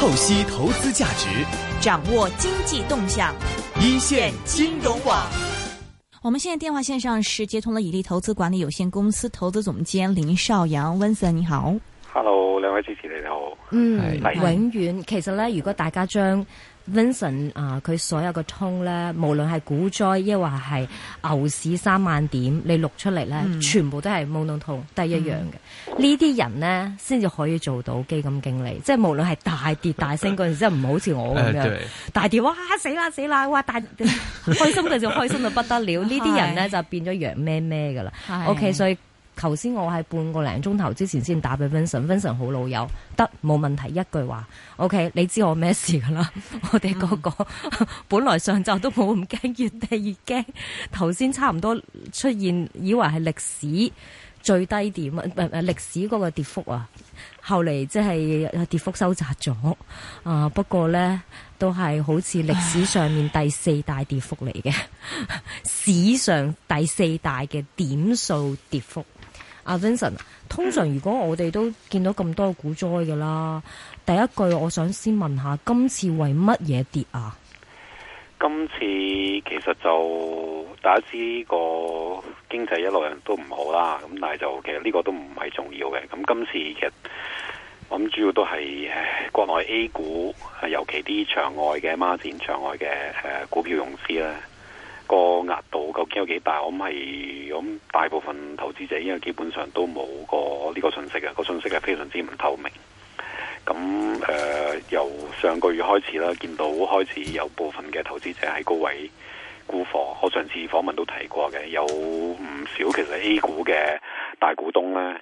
透析投資價值，掌握經濟動向，一線金融網。我們現在電話線上是接通了以立投資管理有限公司投資總監林少陽，温森你好。Hello，兩位主持你好。嗯，係。Hi. Hi. 永遠，其實咧，如果大家將。Vincent 啊、呃，佢所有嘅通咧，無論係股災抑或係牛市三萬點，你錄出嚟咧，全部都係 monotone，都一樣嘅。嗯、呢啲人咧，先至可以做到基金經理，即係無論係大跌大升嗰陣，即係唔好似我咁樣、 uh, 對大跌，哇死啦死啦，哇大，開心嘅就開心到不得了。 呢啲人咧就變咗羊咩咩噶啦。 OK，所以。 頭先我係半個零鐘頭之前先打俾 Vincent，Vincent 好老友，得冇問題。一句話，OK，你知我咩事噶啦？ 我哋嗰、嗰個 本來上晝都冇咁驚，越嚟越驚。頭先差唔多出現，以為係歷史最低點啊！歷史嗰個跌幅啊，後嚟即係跌幅收窄咗啊。不過呢，都係好似歷史上面第四大跌幅嚟嘅， 史上第四大嘅點數跌幅。阿 Vincent，通常如果我哋都見到咁多股災嘅啦，第一句我想先問下，今次為乜嘢跌啊？今次其實就大家知個經濟一路人都唔好啦，咁但係就其實呢個都唔係重要嘅。咁今次其實，我諗主要都係誒國內 A 股，尤其啲場外嘅孖展、媽媽場外嘅誒股票融資咧。個額度究竟有幾大？我諗係咁，大部分投資者因為基本上都冇過，呢、呢個信息嘅，個信息係非常之唔透明。咁誒、呃，由上個月開始啦，見到開始有部分嘅投資者喺高位沽貨。我上次訪問都提過嘅，有唔少其實 A 股嘅大股東咧，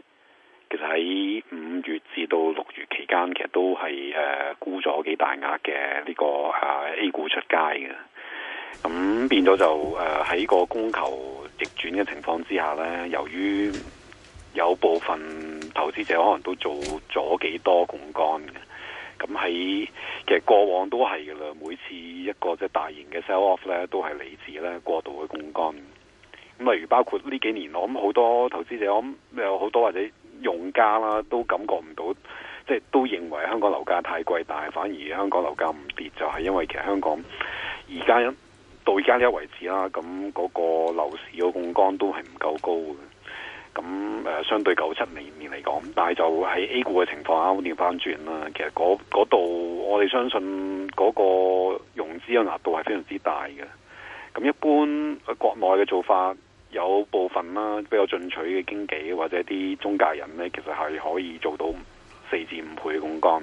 其實喺五月至到六月期間，其實都係誒沽咗幾大額嘅呢個啊、呃、A 股出街嘅。咁變咗就誒喺、呃、個供求逆轉嘅情況之下呢，由於有部分投資者可能都做咗幾多槓桿嘅，咁喺其實過往都係噶啦，每次一個即係大型嘅 sell off 呢都係嚟自咧過度嘅槓桿。咁例如包括呢幾年我諗好多投資者，我諗有好多或者用家啦，都感覺唔到，即、就、係、是、都認為香港樓價太貴，但係反而香港樓價唔跌，就係、是、因為其實香港而家。到而家呢一為止啦，咁、那、嗰個樓市嘅槓桿都係唔夠高嘅，咁誒、呃、相對九七年年嚟講，但係就喺 A 股嘅情況下，調翻轉啦，其實嗰度我哋相信嗰個融資嘅額度係非常之大嘅。咁一般喺國內嘅做法，有部分啦比較進取嘅經紀或者啲中介人呢，其實係可以做到四至五倍嘅槓桿，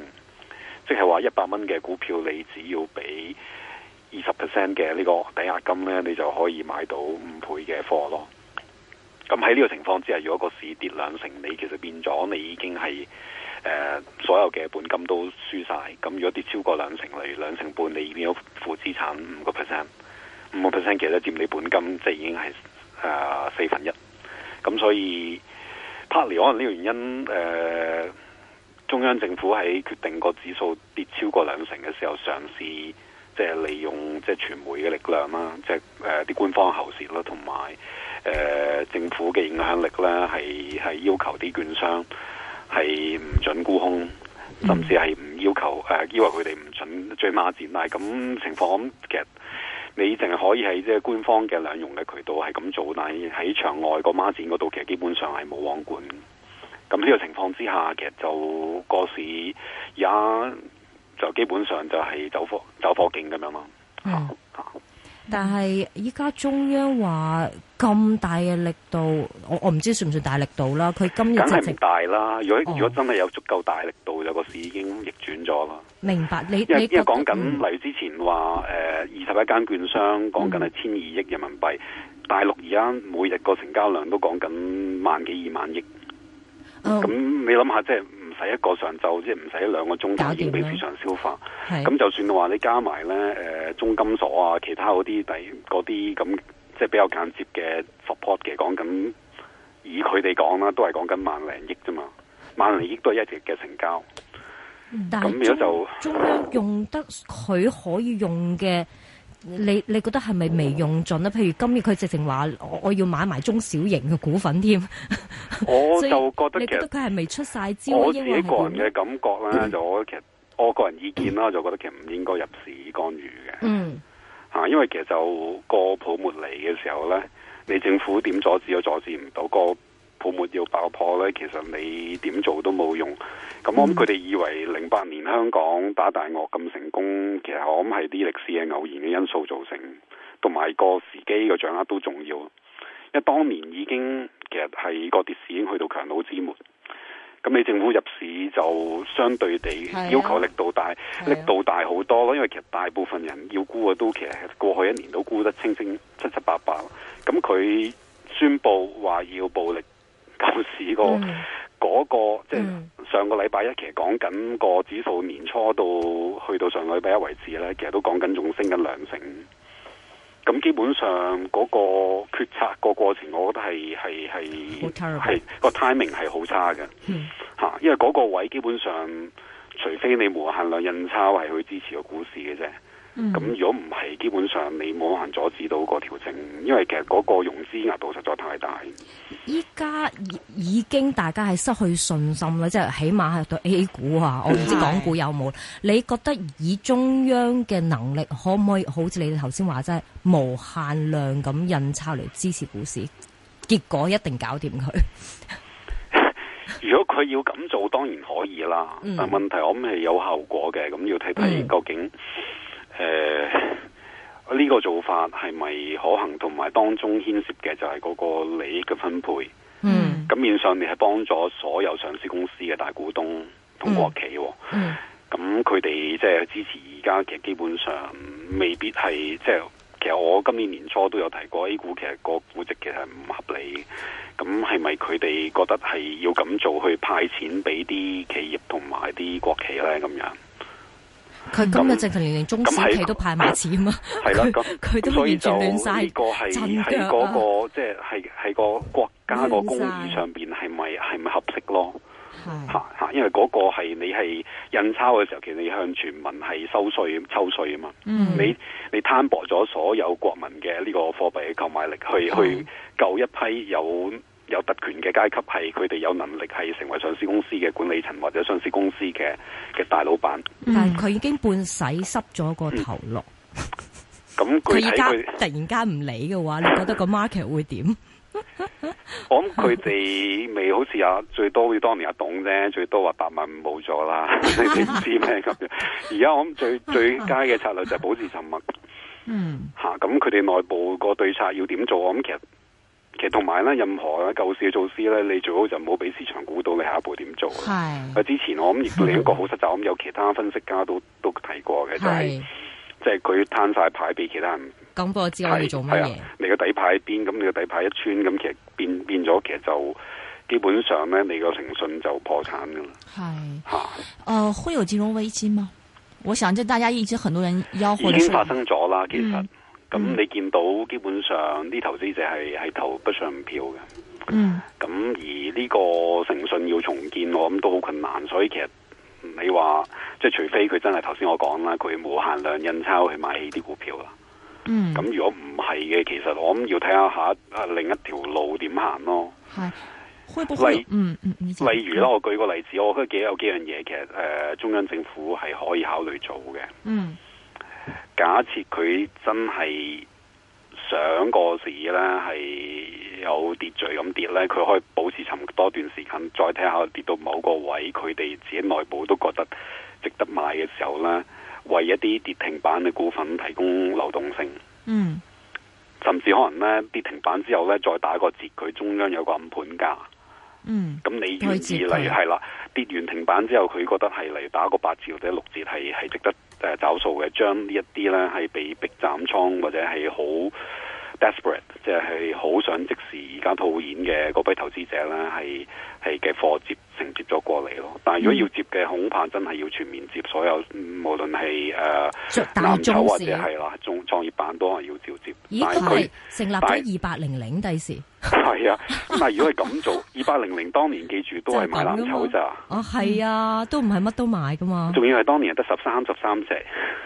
即係話一百蚊嘅股票，你只要俾。二十 percent 嘅呢個抵押金呢，你就可以買到五倍嘅貨咯。咁喺呢個情況之下，如果個市跌兩成，你其實變咗你已經係誒、呃、所有嘅本金都輸晒。咁如果跌超過兩成，例如兩成半，你已經有負資產五個 percent，五個 percent 其實都佔你本金，就已經係誒、呃、四分一。咁所以，partly 可能呢個原因誒、呃，中央政府喺決定個指數跌超過兩成嘅時候，上市。即係利用即係傳媒嘅力量啦，即係誒啲官方喉舌啦，同埋誒政府嘅影響力咧，係係要求啲券商係唔准沽空，甚至係唔要求誒，因、呃、為佢哋唔准追孖展但係咁情況。其實你淨係可以喺即係官方嘅兩融嘅渠道係咁做，但係喺場外個孖展嗰度，其實基本上係冇網管。咁呢個情況之下，其實就個市而家。就基本上就係走貨走火警咁樣嘛，嗯啊、但係依家中央話咁大嘅力度，我我唔知算唔算大力度啦。佢今日梗係唔大啦。如果、哦、如果真係有足夠大力度，就個市已經逆轉咗啦。明白你你講緊例如之前話誒，二十一間券商講緊係千二億人民幣，大陸而家每日個成交量都講緊萬幾二萬億。200, 億嗯，咁你諗下即係。使一個上晝，即係唔使兩個鐘頭，已經俾市場消化，咁是就算你話你加埋咧誒中金所啊，其他嗰啲第啲咁，即係比較間接嘅 support 嘅講緊以佢哋講啦，都係講緊萬零億啫嘛，萬零億都係一日嘅成交。但係、嗯、中，中央用得佢可以用嘅。你你覺得係咪未用盡咧？譬如今日佢直情話我要買埋中小型嘅股份添 ，我就覺得, 覺得其實佢係未出晒招。我自己個人嘅感覺咧，嗯、就我其實我個人意見啦，就、嗯、覺得其實唔應該入市干預嘅。嗯，吓，因為其實就個泡沫嚟嘅時候咧，你政府點阻止都阻止唔到、嗰個。泡沫要爆破咧，其實你點做都冇用。咁我諗佢哋以為零八年香港打大鱷咁成功，其實我諗係啲歷史嘅偶然嘅因素造成，同埋個時機嘅掌握都重要。因為當年已經，其實係個跌市已經去到強弩之末。咁你政府入市就相對地要求力度大，啊、力度大好多咯。啊、因為其實大部分人要沽嘅都其實過去一年都沽得清清七七八八。咁佢宣布話要暴力。市、嗯嗰個個即係上個禮拜一，其實講緊個指數年初到去到上個禮拜一為止咧，其實都講緊仲升緊兩成。咁基本上嗰個決策、嗰個過程，我覺得係係係係個 timing 係好差嘅。吓、嗯，因為嗰個位基本上，除非你無限量印鈔，係去支持個股市嘅啫。咁、嗯、如果唔係，基本上你冇可能阻止到個調整，因為其實嗰個融資額度實在太大。依家已經大家係失去信心啦，即係起碼係對 A 股啊，我唔知港股有冇。的你覺得以中央嘅能力，可唔可以好似你哋頭先話，即係無限量咁印鈔嚟支持股市？結果一定搞掂佢。 如果佢要咁做，當然可以啦，嗯、但係問題我諗係有效果嘅，咁要睇睇、嗯、究竟。誒，呢個做法係咪可行？同埋當中牽涉嘅就係嗰個利益嘅分配。嗯，咁面上面係幫咗所有上市公司嘅大股東同國企、哦嗯。嗯，咁佢哋即係支持而家嘅，其實基本上未必係即係。其實我今年年初都有提過 A 股，其實個估值其實唔合理。咁係咪佢哋覺得係要咁做去派錢俾啲企業同埋啲國企咧？咁樣？佢今日直情連連中小企都派埋錢啊！佢佢都完全亂晒，真噶！係喺嗰個即係係個國家個公義上邊係咪係咪合適咯？吓吓，因為嗰個係你係印鈔嘅時候，其實你向全民係收稅抽稅啊嘛。你你攤薄咗所有國民嘅呢個貨幣嘅購買力，去去救一批有。有特權嘅階級係佢哋有能力係成為上市公司嘅管理層或者上市公司嘅嘅大老闆，嗯、 但係佢已經半洗失濕咗個頭落。咁佢而家突然間唔理嘅話，你覺得個 market 會點怎？ 我諗佢哋未好似阿最多好似當年阿董啫，最多話八萬五冇咗啦，你知咩咁樣？而 家我諗最最佳嘅策略就係保持沉默。嗯，嚇咁佢哋內部個對策要點做？我諗其實。其實同埋咧，任何救市嘅措施咧，你最好就唔好俾市場估到你下一步點做係， 之前我諗亦都另一個好失責，咁有其他分析家都都提過嘅、 就是，就係即係佢攤晒牌俾其他人，咁我知你做乜嘢、啊，你個底牌邊？咁、嗯、你個底牌一穿，咁其實變變咗，其實就基本上咧，你個誠信就破產噶啦。係，吓，誒，會有金融危機嗎？我想就大家一直很多人吆喝，已經發生咗啦，其實。Mm hmm. 咁、嗯、你見到基本上啲投資者係係投不上票嘅，嗯，咁而呢個誠信要重建，我諗都好困難，所以其實你話即係除非佢真係頭先我講啦，佢冇限量印鈔去買起啲股票啦，嗯，咁如果唔係嘅，其實我諗要睇下下一另一條路點行咯，係，會唔會例如嗯例如咧，我舉個例子，我覺得幾有幾樣嘢，其實誒、呃、中央政府係可以考慮做嘅，嗯。假設佢真係上個市呢係有秩序咁跌呢，佢可以保持沉多段時間，再睇下跌到某個位，佢哋自己內部都覺得值得買嘅時候呢，為一啲跌停板嘅股份提供流動性。嗯，甚至可能呢，跌停板之後呢，再打個折，佢中央有個暗盤價。嗯，咁你願意嚟係啦？跌完停板之後，佢覺得係嚟打個八折或者六折，係係值得。係、呃、找數嘅，將呢一啲咧係被逼斬倉或者係好 desperate，即係好想即時而家套現嘅嗰批投資者咧係係嘅貨接承接咗過嚟咯。但係如果要接嘅，嗯、恐怕真係要全面接所有，無論係誒藍籌或者係啦，仲創業板都係要照接。咦，都係成立喺二八零零第時。係 啊，咁但係如果係咁做，二八零零當年記住都係買藍籌咋，哦係、嗯、啊，啊，都唔係乜都買噶嘛，仲要係當年係得十三十三隻，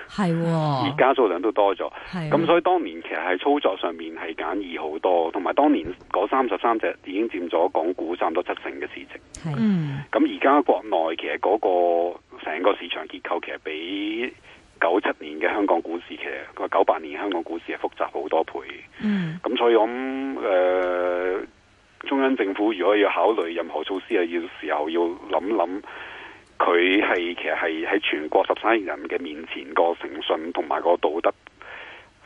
係、 嗯、而家數量都多咗，咁、啊、所以當年其實係操作上面係簡易好多，同埋當年嗰三十三隻已經佔咗港股差唔多七成嘅市值，係、嗯，咁而家國內其實嗰個成個市場結構其實比。九七年嘅香港股市，其實佢九八年香港股市係複雜好多倍。嗯，咁所以咁誒、呃，中央政府如果要考慮任何措施，啊，要時候要諗諗，佢係其實係喺全國十三億人嘅面前個誠信同埋個道德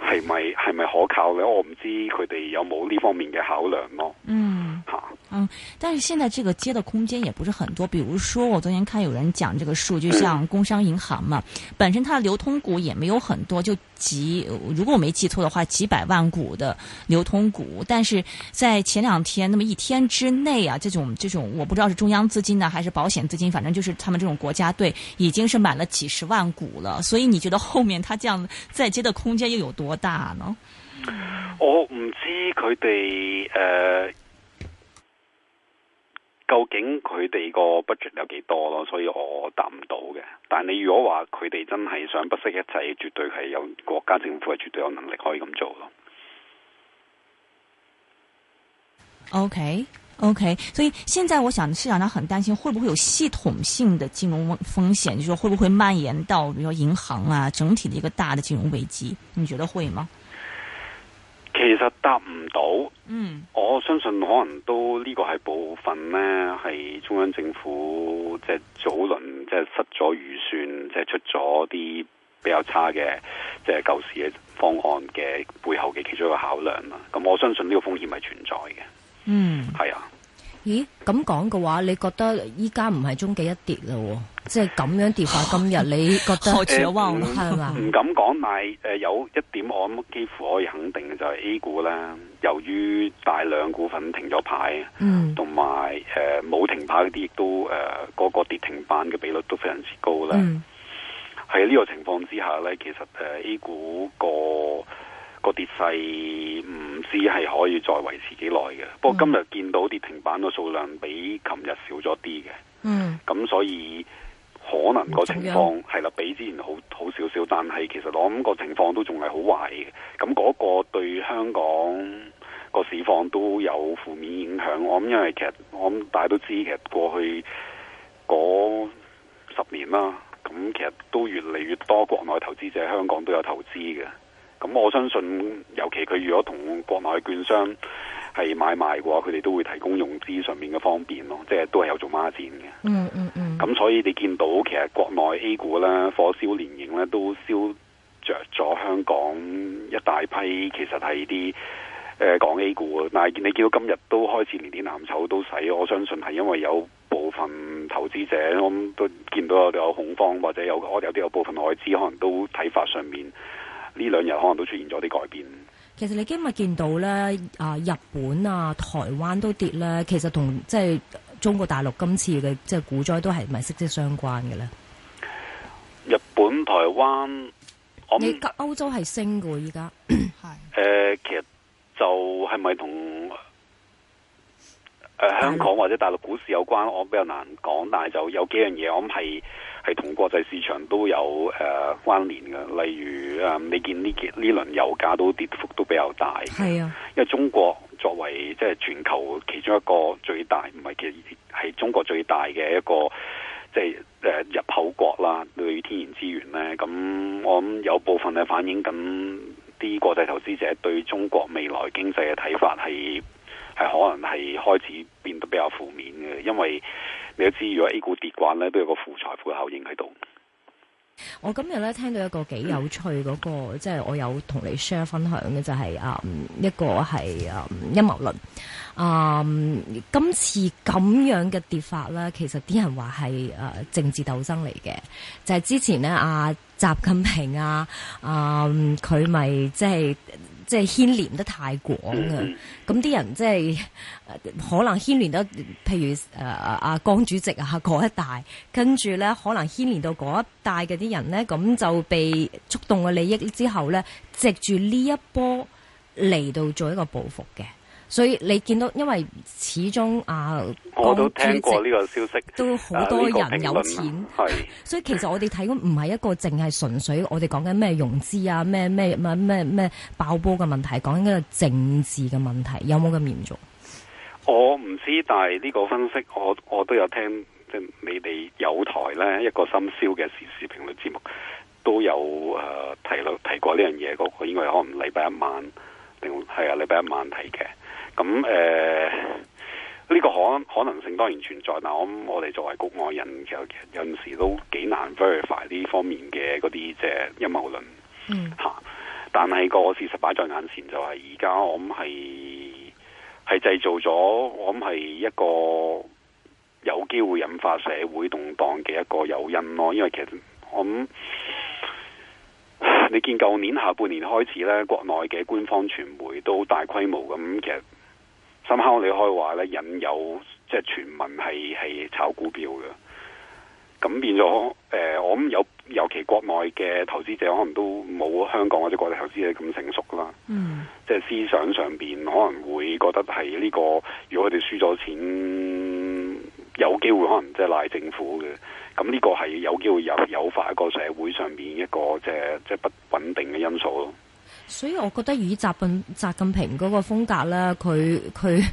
係咪係咪可靠咧？我唔知佢哋有冇呢方面嘅考量咯。嗯。好，嗯，但是現在這個接的空間也不是很多。比如說，我昨天看有人講這個數據，像工商銀行嘛，本身它的流通股也沒有很多，就幾，如果我沒記錯的話，幾百萬股的流通股。但是在前兩天那麼一天之內啊，這種這種，我不知道是中央資金呢、啊，還是保險資金，反正就是他們這種國家隊已經是買了幾十萬股了。所以你覺得後面它這樣再接的空間又有多大呢？我唔知佢哋誒。呃究竟佢哋個 budget 有幾多咯？所以我答唔到嘅。但係你如果話佢哋真係想不惜一切，絕對係有國家政府係絕對有能力可以咁做咯。OK OK，所以現在我想市場上很擔心，會唔會有系統性的金融風險？就說、是、會唔會蔓延到，比如說銀行啊，整體的一個大的金融危機？你覺得會嗎？其實答唔到，嗯，我相信可能都呢、這個係部分咧，係中央政府即係早輪即係失咗預算，即、就、係、是、出咗啲比較差嘅即係救市嘅方案嘅背後嘅其中一個考量啦。咁我相信呢個風險係存在嘅，嗯，係啊。咦，咁講嘅話，你覺得依家唔係終極一跌啦？即係咁樣跌法 今日，你覺得 開始有唔敢講，但係誒、呃，有一點我諗幾乎可以肯定嘅就係 A 股咧，由於大量股份停咗牌，同埋誒冇停牌嗰啲亦都誒個個跌停板嘅比率都非常之高啦。喺呢、嗯、個情況之下咧，其實誒、呃、A 股、那個個跌勢唔。只係可以再維持幾耐嘅。嗯、不過今日見到跌停板嘅數量比琴日少咗啲嘅，咁、嗯、所以可能個情況係啦，比之前好好少少，但係其實我諗個情況都仲係好壞嘅，咁嗰個對香港個市況都有負面影響。我諗因為其實我諗大家都知，其實過去嗰十年啦，咁其實都越嚟越多國內投資者喺香港都有投資嘅。咁我相信，尤其佢如果同國內嘅券商係買賣嘅話，佢哋都會提供融資上面嘅方便咯，即係都係有做孖展嘅。嗯嗯嗯。咁所以你見到其實國內 A 股啦，火燒連營咧，都燒着咗香港一大批其實係啲誒港 A 股啊。但係你見到今日都開始連啲藍籌都使，我相信係因為有部分投資者都見到有，有恐慌，或者有我哋有啲有部分外資可能都睇法上面。呢兩日可能都出現咗啲改變。其實你今日見到咧啊，日本啊、台灣都跌咧，其實同即係中國大陸今次嘅即係股災都係咪息息相關嘅咧？日本、台灣，我你歐洲係升嘅喎，依家係。誒、 呃，其實就係咪同誒香港或者大陸股市有關？我比較難講，但係就有幾樣嘢，我諗係。 係同國際市場都有誒、呃、關聯嘅，例如誒、呃，你見呢件呢輪油價都跌幅都比較大。係啊，因為中國作為即係全球其中一個最大，唔係，其實係中國最大嘅一個即係誒入口國啦，對於天然資源，咧，咁我諗有部分咧反映緊啲國際投資者對中國未來經濟嘅睇法係。可能係開始變得比較負面嘅，因為你都知如果 A 股跌慣咧，都有個負財富效應喺度。我今日咧聽到一個幾有趣嗰個，即係我有同你 share 分享嘅就係啊，一個係啊陰謀論。啊，今次咁樣嘅跌法咧，其實啲人話係啊政治鬥爭嚟嘅，就係之前咧阿習近平啊啊佢咪即係。嗯即係牽連得太廣啊！咁啲人即係可能牽連得，譬如誒阿、呃、江主席啊，嗰一代跟住咧可能牽連到嗰一代嘅啲人咧，咁就被觸動嘅利益之後咧，藉住呢一波嚟到做一個報復嘅。所以你見到，因為始終啊，我都聽過呢個消息，都好多人有錢，係。 所以其實我哋睇唔係一個淨係純粹，我哋講緊咩融資啊，咩咩乜咩咩爆煲嘅問題，講緊一個政治嘅問題，有冇咁嚴重？我唔知，但係呢個分析，我我都有聽，即係你哋友台咧一個深宵嘅時事評論節目都有誒提提過呢樣嘢，嗰個應該可能禮拜一晚定係啊禮拜一晚睇嘅。咁誒，呢、嗯嗯、個可可能性當然存在，但係我我哋作為局外人，其實有陣時都幾難 verify 呢方面嘅嗰啲即係陰謀論，吓、嗯。但係個事實擺在眼前，就係，就係而家我諗係係製造咗，我諗係一個有機會引發社會動盪嘅一個誘因咯因為其實我諗你見舊年下半年開始咧，國內嘅官方傳媒都大規模咁、嗯、其實。深刻你可以話咧，引誘即係、就是、全民係係炒股票嘅，咁變咗誒、呃，我諗有尤其國內嘅投資者可能都冇香港或者國際投資者咁成熟啦，即係、嗯、思想上邊可能會覺得係呢、這個，如果佢哋輸咗錢，有機會可能即係賴政府嘅，咁呢個係有機會有誘發一個社會上邊一個即係即係不穩定嘅因素咯。所以我覺得以習近習近平嗰個風格咧，佢佢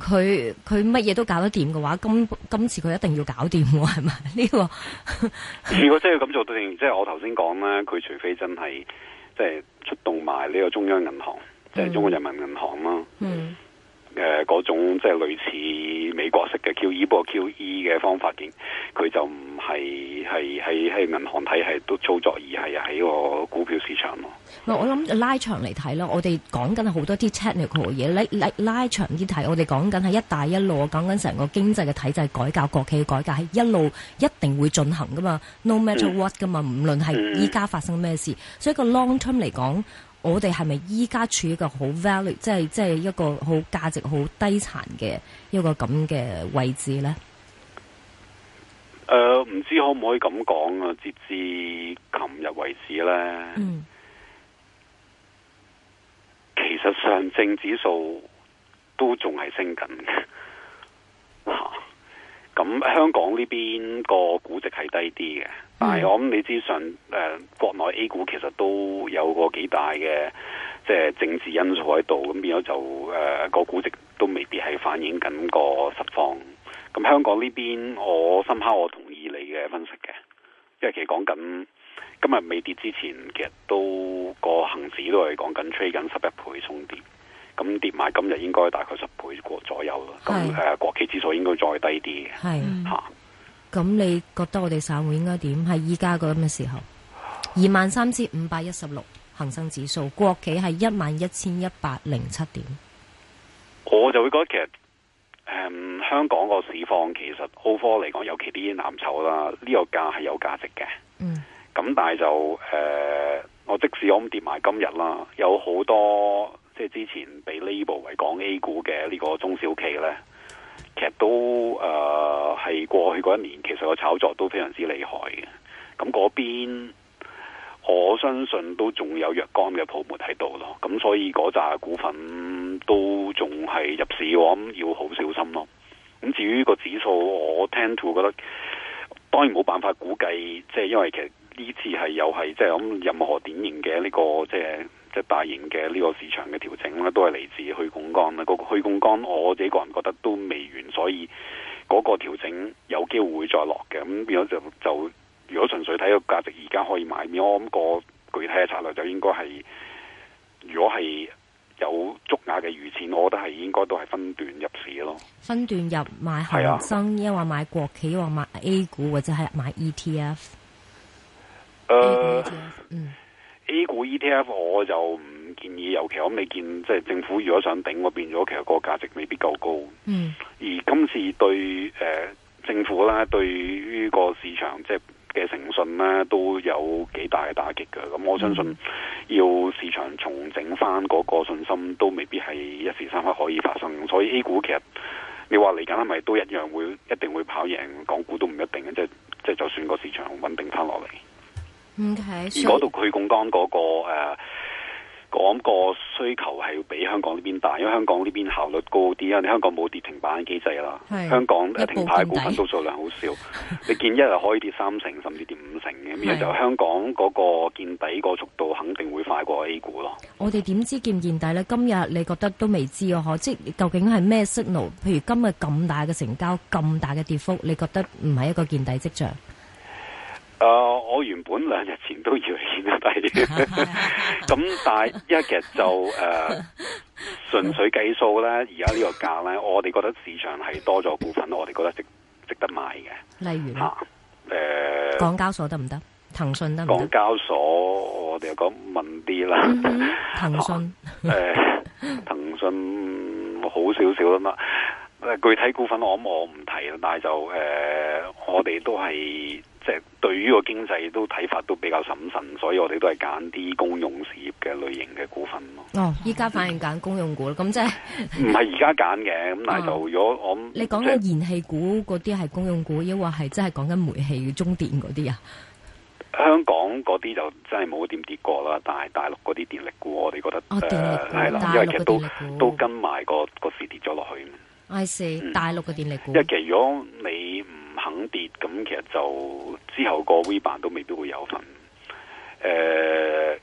佢佢乜嘢都搞得掂嘅話，今今次佢一定要搞掂喎，係咪呢個 如果真係要咁做到，定即係我頭先講咧，佢除非真係即係出動埋呢個中央銀行，即係中國人民銀行啦。嗯嗯誒嗰種即係類似美國式嘅 QE，不過 QE 嘅方法點，佢就唔係係係係銀行體系都操作而係喺個股票市場咯。唔、嗯、我諗拉長嚟睇咯，我哋講緊好多啲 technical 嘢，拉拉拉長啲睇，我哋講緊係一帶一路，我講緊成個經濟嘅體制改革、國企嘅改革係一路一定會進行㗎嘛，no matter what 㗎嘛、嗯，唔論係依家發生咩事，嗯、所以個 long term 嚟講。我哋係咪依家處一個好 value，即係即係一個好價值好低殘嘅一個咁嘅位置咧？誒、呃，唔知可唔可以咁講啊？截至琴日為止咧，嗯、其實上證指數都仲係升緊嘅嚇。咁、 啊、香港呢邊個估值係低啲嘅。但係我諗，你知上誒、呃、國內 A 股其實都有個幾大嘅，即、呃、係政治因素喺度，咁變咗就誒、呃那個估值都未必係反映緊個實況。咁香港呢邊，我深刻我同意你嘅分析嘅，因為其實講緊今日未跌之前，其實都個恒指都係講緊吹緊十一倍沖跌，咁跌埋今日應該大概十倍過左右咁誒是、呃，國企指數應該再低啲嘅，嚇是。嗯啊。咁你覺得我哋散戶應該點？係依家個咁嘅時候，二萬三千五百一十六，恒生指數，國企係一萬一千一百零七點。我就會覺得其實，其、嗯、誒，香港個市況其實好科嚟講，尤其啲藍籌啦，呢、這個價係有價值嘅。嗯。咁但係就誒、呃，我即使我咁跌埋今日啦，有好多即係之前被 l a b e l 為港 A 股嘅呢個中小企咧，都誒係、呃、過去嗰一年，其實個炒作都非常之厲害嘅。咁嗰邊，我相信都仲有若干嘅泡沫喺度咯。咁所以嗰扎股份都仲係入市，我諗要好小心咯。咁至於個指數，我 tend to 覺得，當然冇辦法估計，即係因為其實呢次係又係即係咁任何典型嘅呢個即係。即係大型嘅呢個市場嘅調整咧，都係嚟自去槓桿啦。個去槓桿我自己個人覺得都未完，所以嗰個調整有機會會再落嘅。咁變咗就就如果純粹睇個價值，而家可以買，我、那、諗個具體嘅策略就應該係，如果係有足額嘅餘錢，我覺得係應該都係分段入市咯。分段入買恒生，又或、啊、買國企，或買 A 股，或者係買 ETF。呃，ETF，嗯。A 股 ETF 我就唔建議，尤其我未見，即、就、係、是、政府如果想頂，我變咗其實個價值未必夠高。嗯，而今次對誒、呃、政府咧，對於個市場即係嘅誠信咧，都有幾大嘅打擊嘅。咁我相信、嗯、要市場重整翻嗰個信心，都未必係一時三刻可以發生。所以 A 股其實你話嚟緊係咪都一樣會，一定會跑贏港股都唔一定嘅。即係即係，就,是就是、就算個市場穩定翻落嚟。Okay. 而嗰度佢槓杆嗰個誒，uh, 個需求係要比香港呢邊大，因為香港呢邊效率高啲啊，你香港冇跌停板機制啦，是香港一停牌股份數數量好少， 你見一日可以跌三成，甚至跌五成嘅，咁樣是就香港嗰個見底嗰個速度肯定會快過 A 股咯。我哋點知見唔見底咧？今日你覺得都未知啊？嗬，即究竟係咩 signal？譬如今日咁大嘅成交，咁大嘅跌幅，你覺得唔係一個見底跡象？誒、呃，我原本兩日前都要見得低啲，咁但係 一日就誒，純粹計數咧。而家呢個價咧， 我哋覺得市場係多咗股份，我哋覺得值值得買嘅。例如誒，啊呃、港交所得唔得？騰訊得唔得？港交所我哋又講問啲啦。騰訊誒，騰訊、啊呃、好少少啦嘛。誒，具體股份我我唔提啦，但係就誒、呃，我哋都係。即係對於個經濟都睇法都比較審慎，所以我哋都係揀啲公用事業嘅類型嘅股份咯。哦，依家反而揀公用股咯，咁即係唔係而家揀嘅，咁但係就如果我你講緊燃氣股嗰啲係公用股，抑或係真係講緊煤氣嘅中電嗰啲啊？香港嗰啲就真係冇點跌過啦，但係大陸嗰啲電力股我哋覺得，係啦，電力股因為其實都都跟埋、嗰個、嗰個市跌咗落去。I see.、嗯、大陸嘅電力股，即係如果咁其實就之後個 V 版都未必會有份，誒、呃，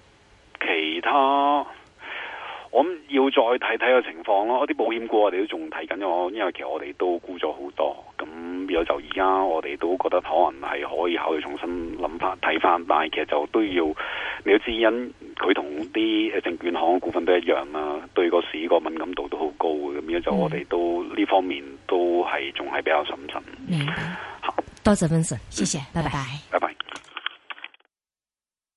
其他。我要再睇睇個情況咯，啲保險股我哋都仲睇緊，我因為其實我哋都估咗好多，咁變咗就而家我哋都覺得可能係可以考慮重新諗法睇翻，但係其實就都要你都知因佢同啲誒，證券行股份都一樣啦，啊，對個市個敏感度都好高嘅，咁樣就我哋都呢、嗯、方面都係仲係比較審慎。好白，啊、多謝 Vincent 謝謝，拜拜，拜拜。拜拜。